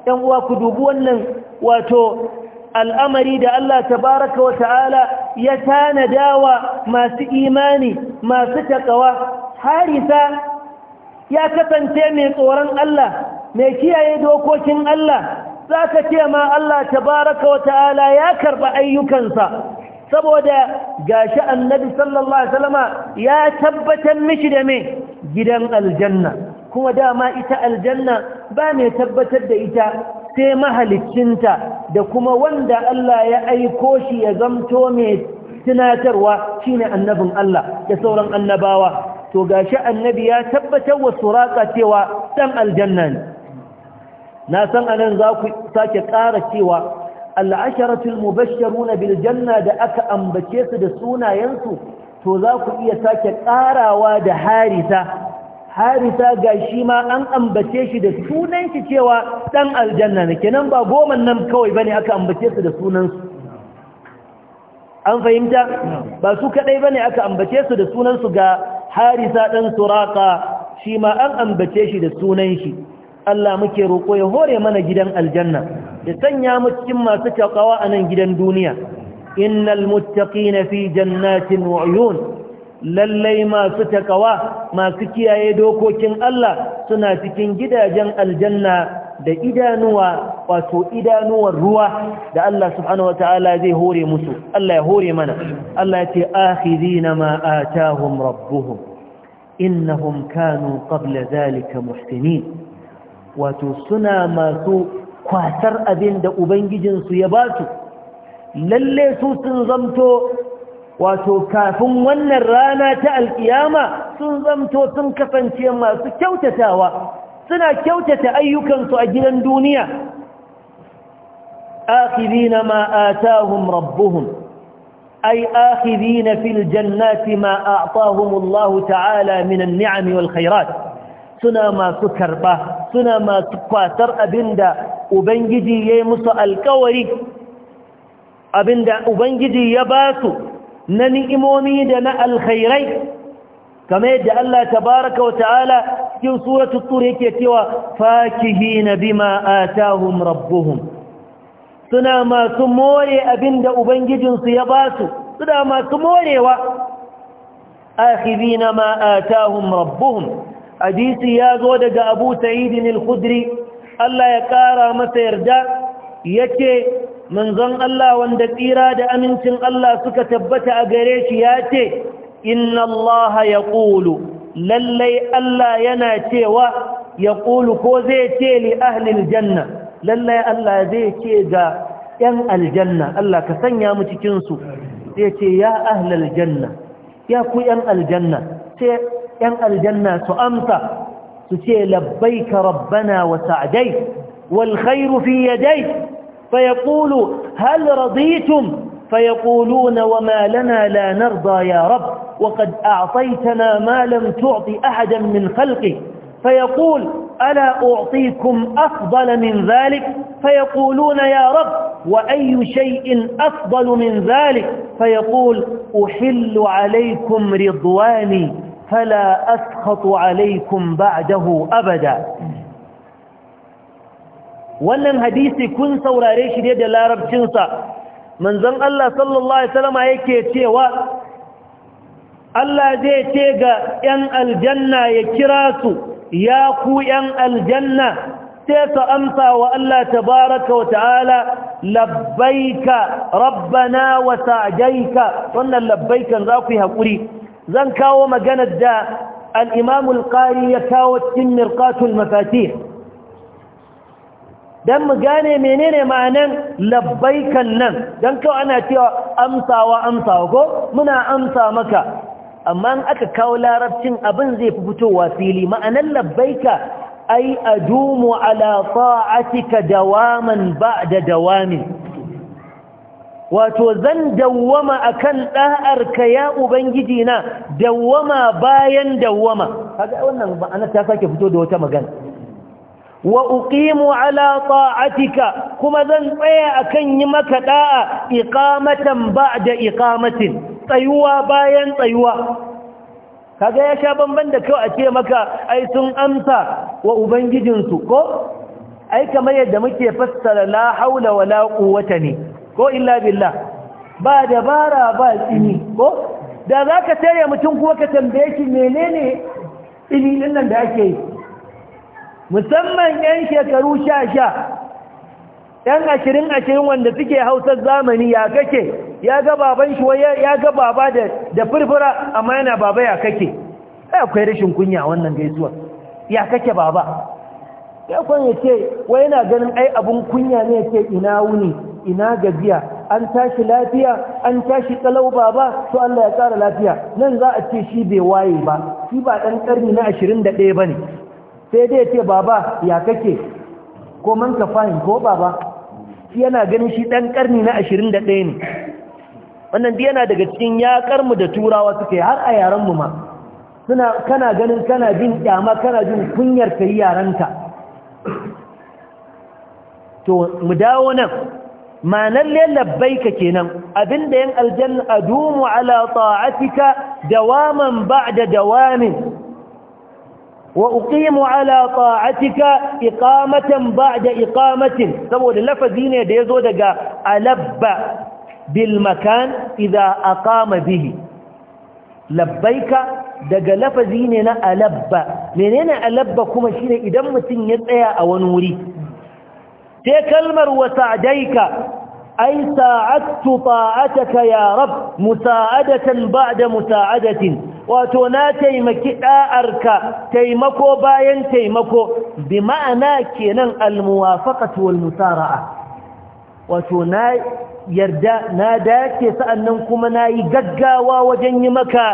Yan uwa ku dubu wannan wato al'amari da Allah tabaraka wa ta'ala ya tanadawa masu imani masu takawa harisa ya kasance mai tsoron Allah mai kiyaye dokokin Allah za ka ce ma Allah tabaraka wa ta'ala ya karɓi ayyukansa saboda gashi annabi sallallahu Alaihi ya tabbatar mishi da mai gidan aljanna kuma dama ita aljanna ba mai tabbatar da ita sai mahalicinta da kuma wanda Allah ya aiko shi ya zamto mai tunatarwa shine annabin Allah da sauran annabawa to gashi annabi ya tabbatar wa suraka cewa dan aljanna ne na san anan za ku sake ƙara cewa al'asharatul mubashsharuna bil janna da aka ambace su da sunayensu to za ku iya sake ƙarawa da harisa harisa ga shi ma an ambace shi da sunan shi cewa dan aljanna ne kenan ba goman nan kawai bane aka ambace su da sunan su an fahimta ba su kadai bane aka ambace su da sunan su ga harisa dan suraka shi ma an ambace shi da sunan shi Allah muke roko ya hore mana gidan aljanna da sanya mu cikin masu takawa a nan gidan duniya innal muttaqina fi jannatin wa uyun lallai masu takawa masu kiyaye dokokin Allah suna cikin gidajen aljanna da idanuwa wato idanuwar ruwa da Allah subhanahu ta'ala zai hore musu Allah ya hore mana Allah ya ce akhidina ma atahum rabbuhum innahum kanu qabla zalika muhsinin wato suna masu kwasar abin da ubangijinsu ya ba su lalle su sun zamto wato kafin wannan rana ta alkiyama sun zamto sun kasance masu kyautatawa suna kyautata ayyukansu a gidan duniya akhidina ma atahum rabbuhum ay akhidina fil jannati ma a'tahum Allah ta'ala min an-ni'am wal khairat suna masu karba suna masu kwatar abinda ubangiji yayi musu alkawari abinda ubangiji ya basu na ni'imomi da na alkhairai kamar yadda Allah tabaraka wa ta'ala cikin suratul tur yake cewa fakihina bima atahum rabbuhum suna masu more abinda ubangijinsu ya basu suna masu morewa akhidina ma atahum rabbuhum hadisi ya zo daga Abu Sa'id al-Khudri Allah ya kara masa yarda yace manzon Allah wanda tsira da amincin Allah suka tabbata a gare shi ya ce inna Allah ya ƙulu lallai Allah yana cewa ya ƙulu ko zai celi li ahlil janna lallai Allah zai ce ga ‘yan aljanna Allah ka sanya mu cikinsu zai ce ya ahlil janna ya ku ‘yan aljanna sai ‘yan aljanna su amsa su ce labbaika rabbana wa sa'adai wal khairu fi yadai فيقول هل رضيتم فيقولون وما لنا لا نرضى يا رب وقد أعطيتنا ما لم تعط أحدا من خلقه فيقول ألا أعطيكم أفضل من ذلك فيقولون يا رب وأي شيء أفضل من ذلك فيقول أحل عليكم رضواني فلا أسخط عليكم بعده أبدا wannan hadisi kun saurare shi ne da larabcinsa manzon Allah sallallahu alaihi wasallam yake cewa Allah zai ce ga 'yan aljanna ya kira su ya ku 'yan aljanna sai su amsa wa Allah tabaraka wa ta'ala labbaika rabbana wa sa'jaika wannan labbaikan za ku yi hakuri zan kawo maganar da al-Imam al-Qari ya kawo cikin mirqatul mafatih dan mu gane menene ma'anan labbaikan nan don kawai ana cewa amsawa amsawa ko muna amsa maka amma in aka kawo larabcin abin zai fi fitowa fili ma'anan labbaika ai adumu ala ta'atika dawaman ba'da dawami wato zan dawwama akan ɗa'arka ya ubangiji na dawwama bayan dawwama kaga wannan ma'anar ta sake fito da wata magana wa uqimu ala ta'atika kuma zan tsaya akan yi maka da'a iqamatan ba'da iqamatin tsayuwa bayan tsayuwa kaga ya sha banban da kawai a ce maka ai sun amsa wa ubangijinsu ko ai kamar yadda muke fassara la haula wala quwwata ne ko illa billah ba dabara ba tsini ko da zaka tare mutum kuwa ka tambaye shi menene ilimin nan da ake yi musamman 'yan shekaru sha sha 'yan ashirin ashirin wanda suke hausar zamani ya kake ya ga baban shi ya ga baba da furfura amma yana baba ya kake akwai rashin kunya wannan gaisuwa ya kake baba ya kwanye ce wai yana ganin ai abun kunya ne ya ce ina wuni ina gajiya an tashi lafiya an tashi tsalau baba to Allah ya kara lafiya nan za a ce shi bai waye ba shi ba ɗan karni na ashirin da 21 bane sai dai ce baba ya kake ko man ka fahim ko baba yana ganin shi dan karni na 21 ne wannan dai yana daga cikin yakar mu da turawa suke har a yaran mu ma suna kana ganin kana bin kyama kana jin kunyar kai yaranka to mu dawo nan ma nan labbaika kenan abinda yan aljanna adumu ala ta'atika dawaman ba'da dawamin وأقيم على طاعتك إقامة بعد إقامة سبب اللفظين دي يزودك ألب بالمكان إذا أقام به لبيك daga lafazi ne na alabba menene alabba kuma shine idan mutum ya tsaya a wani wuri sai kalmar wasa'daika أي ساعدت طاعتك يا رب مساعدة بعد مساعدة واتونا تيمك آأرك تيمكو باين تيمكو بمعنى كنا الموافقة والمسارعة واتونا yarda na dace sa'annan kuma na yi gaggawa wajen yi maka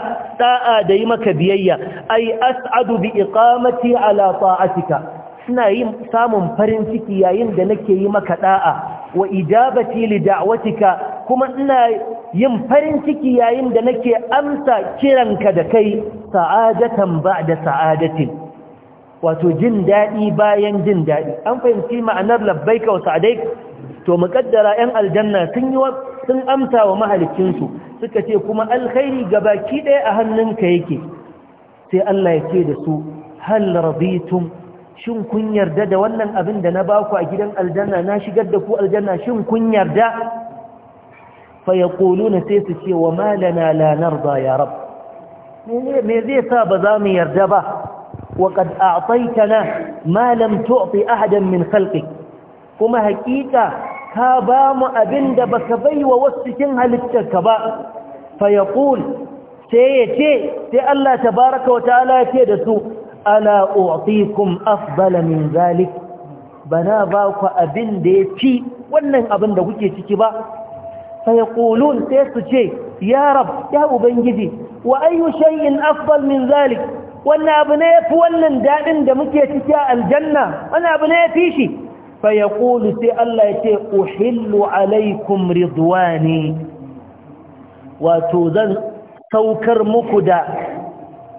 da'a da yi maka biyayya ai as'adu bi iqamati ala ta'atika suna yin samun farin ciki yayin da nake yi maka da'a wa ijabati li da'watika kuma ina yin farin ciki yayin da nake amsa kiranka da kai sa'adatan ba'da sa'adatin wato jin dadi bayan jin dadi an fahimci ma'anar labbaika wa sa'adaik to muqaddara yan aljanna sun yi sun amsa wa mahalicin su suka ce kuma alkhairi gabaki ɗaya a hannunka yake sai Allah ya ce da su hal raditum shin kun yarda da wannan abin da na ba ku a gidan aljanna na shigar da ku aljanna shin kun yarda fa yaquluna sai su ce wa malana la narda ya rab me zai sa ba za mu yarda ba wa qad a'taytana ma lam tu'ti ahadan min khalqik kuma haƙiƙa ka ba mu abin da baka baiwa wasu cikin halittarka ba fa yaqul sai yace sai Allah baraka wa ta'ala ya ce da su ala u'tikum afdala min zalik bana ba ku abin da yafi wannan abin da kuke ciki ba sai qulun sai su ce ya rab ya ubangiji wa ayu shay'in afdal min zalik wannan abu ne yafi wannan dadin da muke ciki a aljanna wannan abu ne yafi shi fa yaqulu sai Allah yace uhillu alaikum ridwani wato zan saukar muku da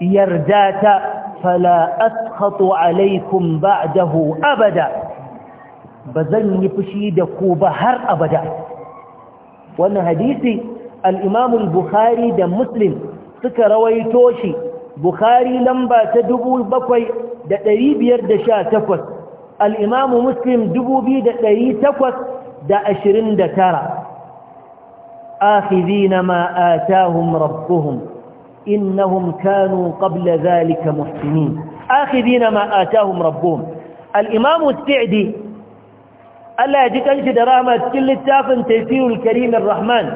yarda ta fala askhatu alaikum ba'dahu abada bazan yi fushi da ku ba har abada wannan hadisi al-Imam bukhari da Muslim suka rawaito shi Bukhari lamba ta 7518 al-Imam Muslim 2829 akhidina ma atahum rabbuhum إنهم كانوا قبل ذلك محسنين آخذين ما آتاهم ربهم الإمام السعدي ألا يجيك أنش دراما كل التافن تيسير الكريم الرحمن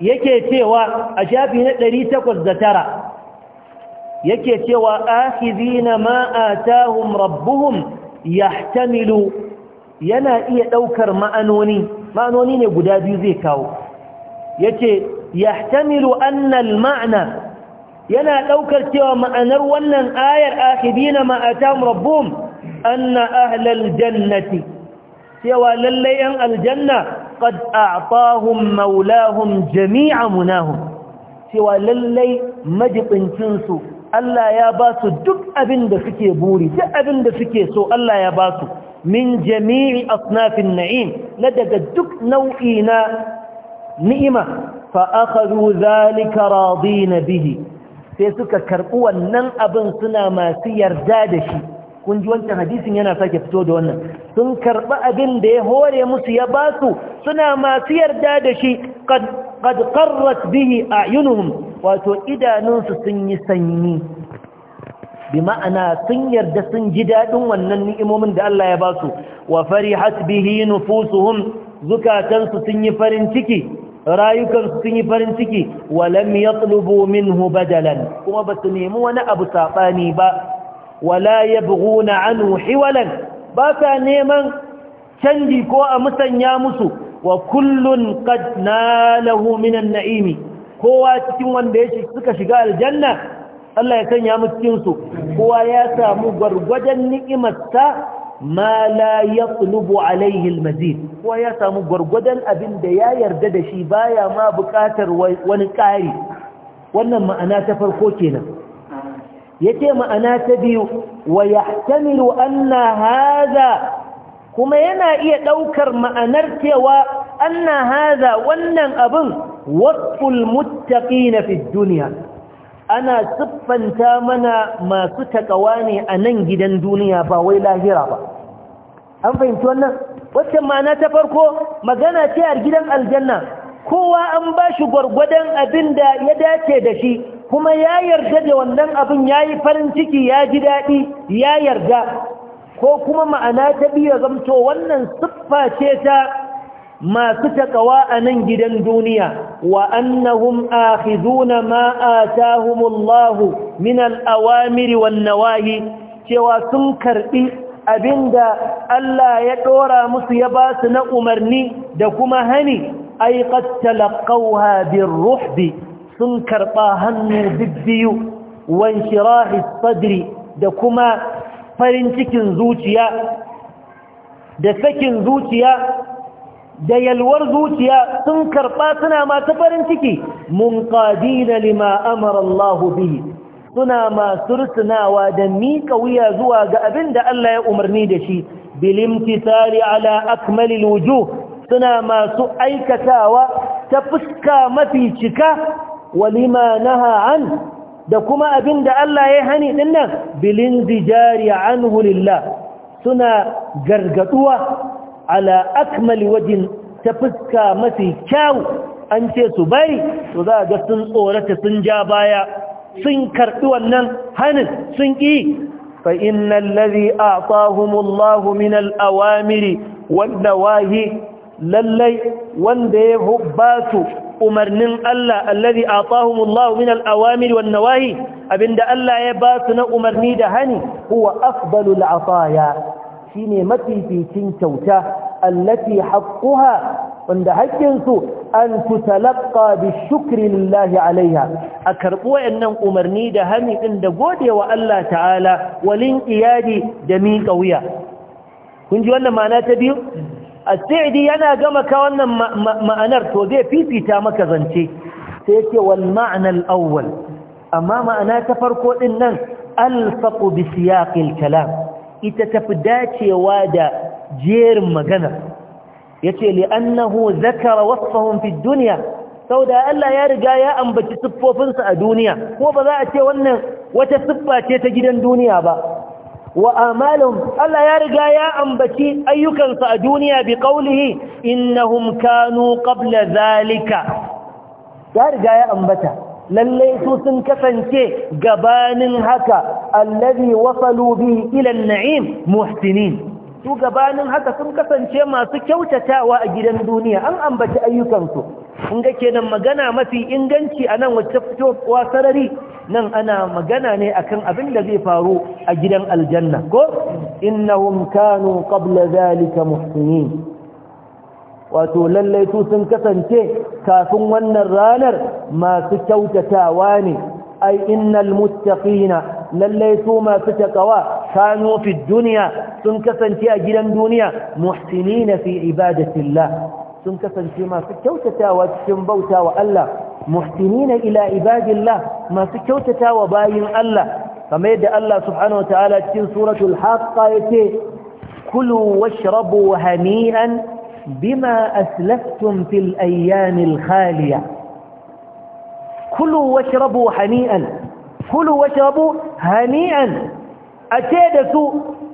يكي تيوى أشافي نتلري والزترى الزترى يكي تيوى آخذين ما آتاهم ربهم يحتمل ينا إيه أوكر مأنوني مأنوني نبدا بيزيكاو يكي يحتمل أن المعنى yana ɗaukar cewa ma'anar wannan ayar ahibina ma'atam rabbum anna ahlal jannati cewa lallai yan aljanna qad a'tahum maulahum jami'a munahum cewa lallai majibincin su Allah ya ba su duk abin da suke buri duk abin da suke so Allah ya ba su min jami'i asnafin na'im na daga duk nau'i na ni'ima fa zalika dhalika na bihi sai suka karɓi wannan abin suna masu yarda da shi hadisin yana sake fito da wannan sun karɓi abin da ya hore musu ya ba su suna masu yarda da shi qad bihi bihi a'yunuhum wato idanunsu sun yi sanyi bi ma'ana sun yarda sun ji daɗin wannan ni'imomin da Allah ya ba su wa fari bihi nufusuhum zukatansu sun yi farin ciki rayukansu sun yi farin ciki walam yatlubu minhu badalan kuma ba su nemi wani abu saɓani ba wala yabghuna anhu hiwalan ba ka neman canji ko a musanya musu wa kullun kad na min naimi kowa cikin wanda yake suka shiga aljanna Allah ya sanya mu cikin kowa ya samu gwargwadon ni'imarsa ma la yatlubu alaihi almazid ko ya samu gwargwadon abin da ya yarda da shi baya ma bukatar wani ƙari wannan ma'ana ta farko kenan yace ma'ana ta biyu wa yahtamilu anna haza? kuma yana iya ɗaukar ma'anar cewa anna haza wannan abin wasful na fid duniya. ana siffanta mana masu takawa ne a nan gidan duniya ba wai lahira ba an fahimci wannan wacce ma'ana ta farko magana ce a gidan aljanna kowa an ba shi gwargwadon abin da ya dace da shi kuma ya yarda da wannan abin ya yi farin ciki ya ji daɗi ya yarda ko kuma ma'ana ta biya zamto wannan siffa ce ta masu takawa a nan gidan duniya wa annahum akhizuna ma atahumullahu min al-awamiri wan nawahi cewa sun karbi abinda Allah ya dora musu ya ba su na umarni da kuma hani ay qad talaqawha birruhbi sun karba hannu bibbiyu wan shirahi sadri da kuma farin cikin zuciya da sakin zuciya da yalwar zuciya sun karɓa suna masu farin ciki na lima amara biyu bihi suna masu rusunawa da miƙa wuya zuwa ga abin da Allah ya umarni da shi bilimtisali ala akmalil wuju suna masu aikatawa ta fuska mafi cika walima naha an da kuma abin da Allah ya hani dinnan bilinzijari anhu lillah suna gargaduwa ala akmali wajin ta fuska mafi kyau an ce su bari to za ga sun tsorata sun ja baya sun karɓi wannan hannun sun ƙi fa innal ladhi a'tahumullahu min al-awamiri wan nawahi lallai wanda ya ba su umarnin Allah alladhi atahumullahu min al-awamir wan nawahi abinda Allah ya ba su na umarni da hani huwa afdalul ataya shine mafificin kyauta allati haqquha wanda haƙƙinsu an tutalaqqa bi shukri lillahi alaiha a karɓi wayannan umarni da hami ɗin da godewa Allah ta'ala walin iyadi da miƙa wuya kun ji wannan ma'ana ta biyu as-sa'idi yana gama ka wannan ma'anar to zai fifita maka zance sai yake wal ma'na awwal amma ma'ana ta farko din nan alfaqu bi siyaqil kalam ita tafi dacewa da jerin magana yace li annahu zakara wasfahum fi Sau da Allah ya riga ya ambaci siffofinsu a duniya ko ba za a ce wannan wata siffa ce ta gidan duniya ba wa amalum Allah ya riga ya ambaci ayyukansu a duniya bi qawlihi innahum kanu qabla zalika ya riga ya ambata lalle su sun kasance gabanin haka allazi wasalu bi ila an-na'im muhsinin su gabanin haka sun kasance masu kyautatawa a gidan duniya an ambaci ayyukansu in ga kenan magana mafi inganci a nan wacce fitowa sarari nan ana magana ne akan abin da zai faru a gidan aljanna ko innahum kanu qabla zalika muhsinin wato lallai su sun kasance kafin wannan ranar masu kyautatawa ne ai innal muttaqina lallai su masu takawa kanu fi dunya sun kasance a gidan duniya muhsinina fi ibadatillah sun kasance masu kyautatawa cikin bautawa Allah muhsinina ila ibadillah masu kyautatawa bayin Allah kamar yadda Allah subhanahu wataala cikin suratul haqqa yake kulu washrabu hani'an بما أسلفتم في الأيام الخالية كلوا واشربوا هنيئا كلوا واشربوا هنيئا أتيدسوا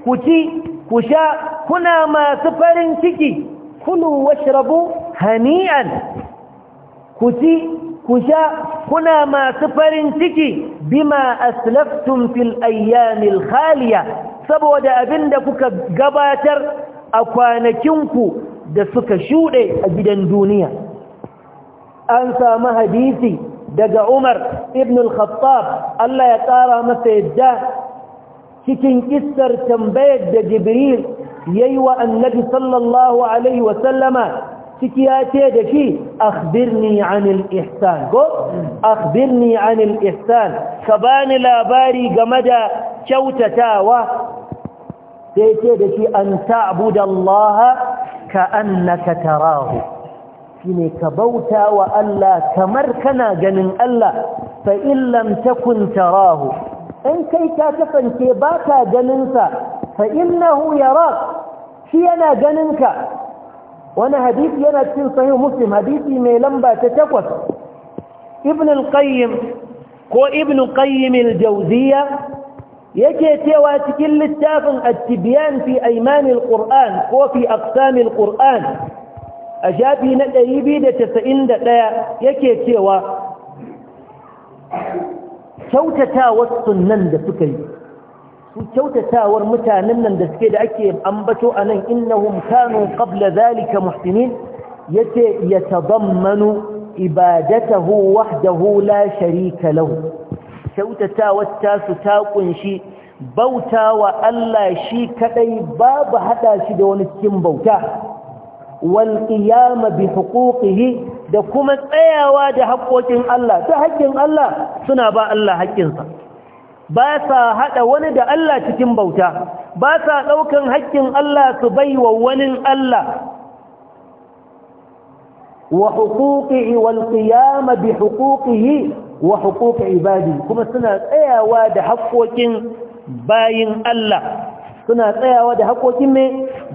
كتي كشاء كنا ما سفر تكي كلوا واشربوا هنيئا كتي كشاء كنا ما سفر تكي بما أسلفتم في الأيام الخالية سبو abinda kuka gabatar da suka shuɗe a gidan duniya an samu hadisi daga umar ibn al-khattab Allah ya ƙara masa yadda cikin kissar tambayar da jibril yayi wa annabi sallallahu alaihi wa sallama ciki ya ce da shi akhbirni anil ihsan ko akhbirni anil ihsan ka bani labari game da kyautatawa sai ce da shi an ta'budallaha ka’annaka tarahu shi ne ka bauta wa Allah kamar kana ganin Allah fa illam takun tarahu in kai ka kasance baka ka ganinsa fa innahu yara shi yana ganinka wani hadisi yana cin sahi muslim hadisi mai lamba ta takwas ibn al-qayyim ko ibn qayyim al yake cewa cikin littafin at-tibyan fi aymanil qur'an ko fi aqsamil qur'an a na 291 yake cewa kyautatawar sunnan da suka yi su kyautatawar mutanen nan da suke da ake ambato a nan innahum kanu qabla zalika muhsinin yace yatadammanu ibadatahu wahdahu la sharika lahu kyautatawa ta su ta kunshi bautawa Allah shi kadai babu hada shi da wani cikin bauta wal qiyama bi huquqihi da kuma tsayawa da haƙoƙin Allah ta haƙƙin Allah suna ba Allah haƙƙinsa ba sa hada wani da Allah cikin bauta ba sa daukan haƙƙin Allah su baiwa wani Allah wa huquqihi wal qiyama bi huquqihi وحقوق عبادي كما سنة يا واد حقوك باين الله سنة يا واد حقوك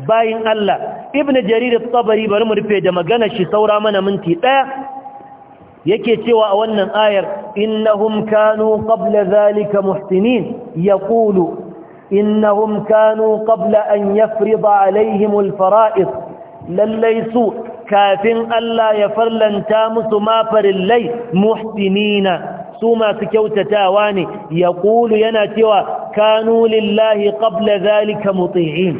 باين الله ابن جرير الطبري برمو ربي جمغانش سورة من منتي ايه يكي سوى اولنا آير انهم كانوا قبل ذلك محسنين يقولوا انهم كانوا قبل ان يفرض عليهم الفرائض لليسوء kafin Allah ya farlanta musu mafarillai muhsinina su masu kyautatawa ne ya ƙulu yana cewa kanu lillahi qabla zalika muti'in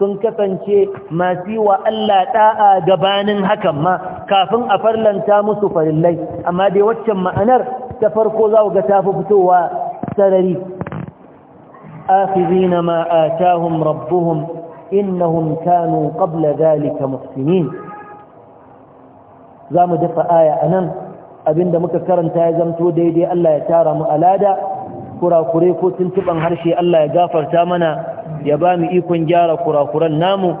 sun kasance masu wa Allah ɗa'a gabanin hakan ma kafin a farlanta musu farillai amma dai waccan ma'anar ta farko za ga ta fi fitowa sarari akhizina ma atahum rabbuhum innahum kanu qabla zalika muhsinin za mu dafa aya a nan abinda muka karanta ya zamto daidai Allah ya tara mu alada kurakure ko tuntuban harshe Allah ya gafarta mana ya ba mu ikon gyara kurakuran namu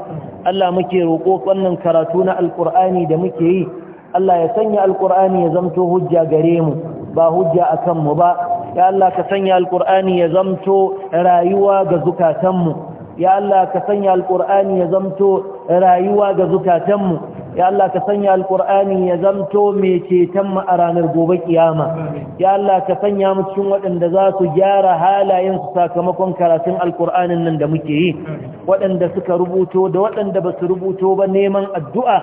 Allah muke roƙo wannan karatu na alƙur'ani da muke yi Allah ya sanya alƙur'ani ya zamto hujja gare mu ba hujja a kanmu ba ya Allah ka sanya alƙur'ani ya zamto rayuwa ga zukatanmu ya Allah ka sanya ya zamto rayuwa ga zukatanmu ya Allah ka sanya alqur'ani ya zamto mai ceton mu a ranar gobe kiyama ya Allah ka sanya mu cikin waɗanda za su gyara halayen su sakamakon karatun alkur'anin nan da muke yi waɗanda suka rubuto da waɗanda ba su rubuto ba neman addu'a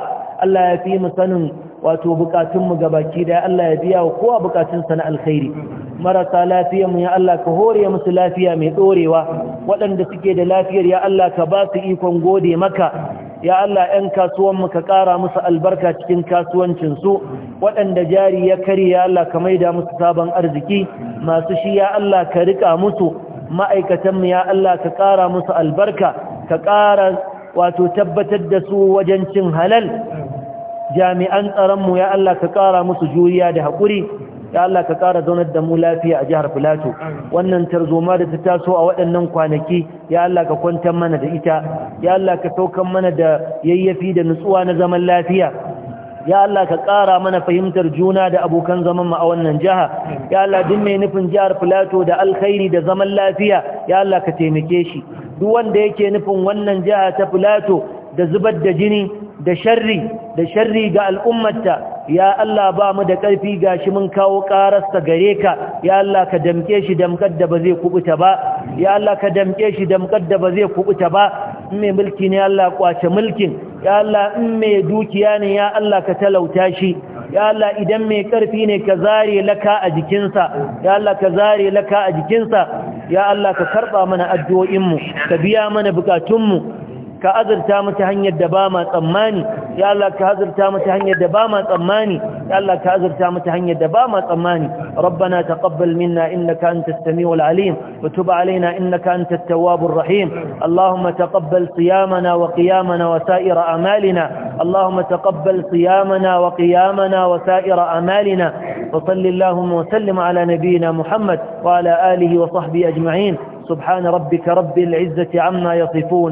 Allah ya fi mu sanin wato bukatunmu baki da Allah ya biya wa kowa bukatunsa na alkhairi marasa lafiyar mu ya Allah ka hore musu lafiya mai dorewa waɗanda suke da lafiyar ya Allah ka ba su ikon gode maka ya Allah ‘yan kasuwanmu ka ƙara musu albarka cikin kasuwancinsu waɗanda jari ya kari ya Allah ka maida musu sabon arziki masu shi ya Allah ka riƙa musu ma'aikatanmu ya Allah ka ƙara musu albarka ka ƙara wato tabbatar da su wajen cin halal jami'an tsaronmu ya Allah ka ƙara musu juriya da haƙuri ya Allah ka ƙara zaunar da mu lafiya a jihar Filato wannan tarzoma da ta taso a waɗannan kwanaki ya Allah ka kwantar mana da ita ya Allah ka saukan mana da yayyafi da nutsuwa na zaman lafiya ya Allah ka ƙara mana fahimtar juna da abokan zaman mu a wannan jiha ya Allah duk mai nufin jihar Filato da alkhairi da zaman lafiya ya Allah ka taimake shi duk wanda yake nufin wannan jiha ta Filato da zubar da jini da sharri da sharri ga al'ummarta ya Allah ba mu da ƙarfi gashi mun kawo ƙararsa gare ka ya Allah ka damke shi damkar da ba zai kubuta ba ya Allah ka damke shi damkar da ba zai kubuta ba in mai mulki ne Allah kwace mulkin ya Allah in mai dukiya ne ya Allah ka talauta shi ya Allah idan mai ƙarfi ne ka zare laka a jikinsa ya Allah ka zare laka a jikinsa ya Allah ka karɓa mana addu'o'in mu ka biya mana mu. ka azurta mu ta hanyar da ba ma tsammani ya Allah ka azurta mu ta hanyar da ba ma tsammani ya Allah ka azurta mu ta hanyar da ba ma tsammani rabbana taqabbal minna innaka antas samiul alim wa tub alaina innaka antat tawwabur rahim allahumma taqabbal siyamana wa qiyamana wa sa'ir a'malina اللهم تقبل صيامنا وقيامنا وسائر أمالنا وصل اللهم وسلم على نبينا محمد وعلى آله وصحبه أجمعين سبحان ربك رب العزة عما يصفون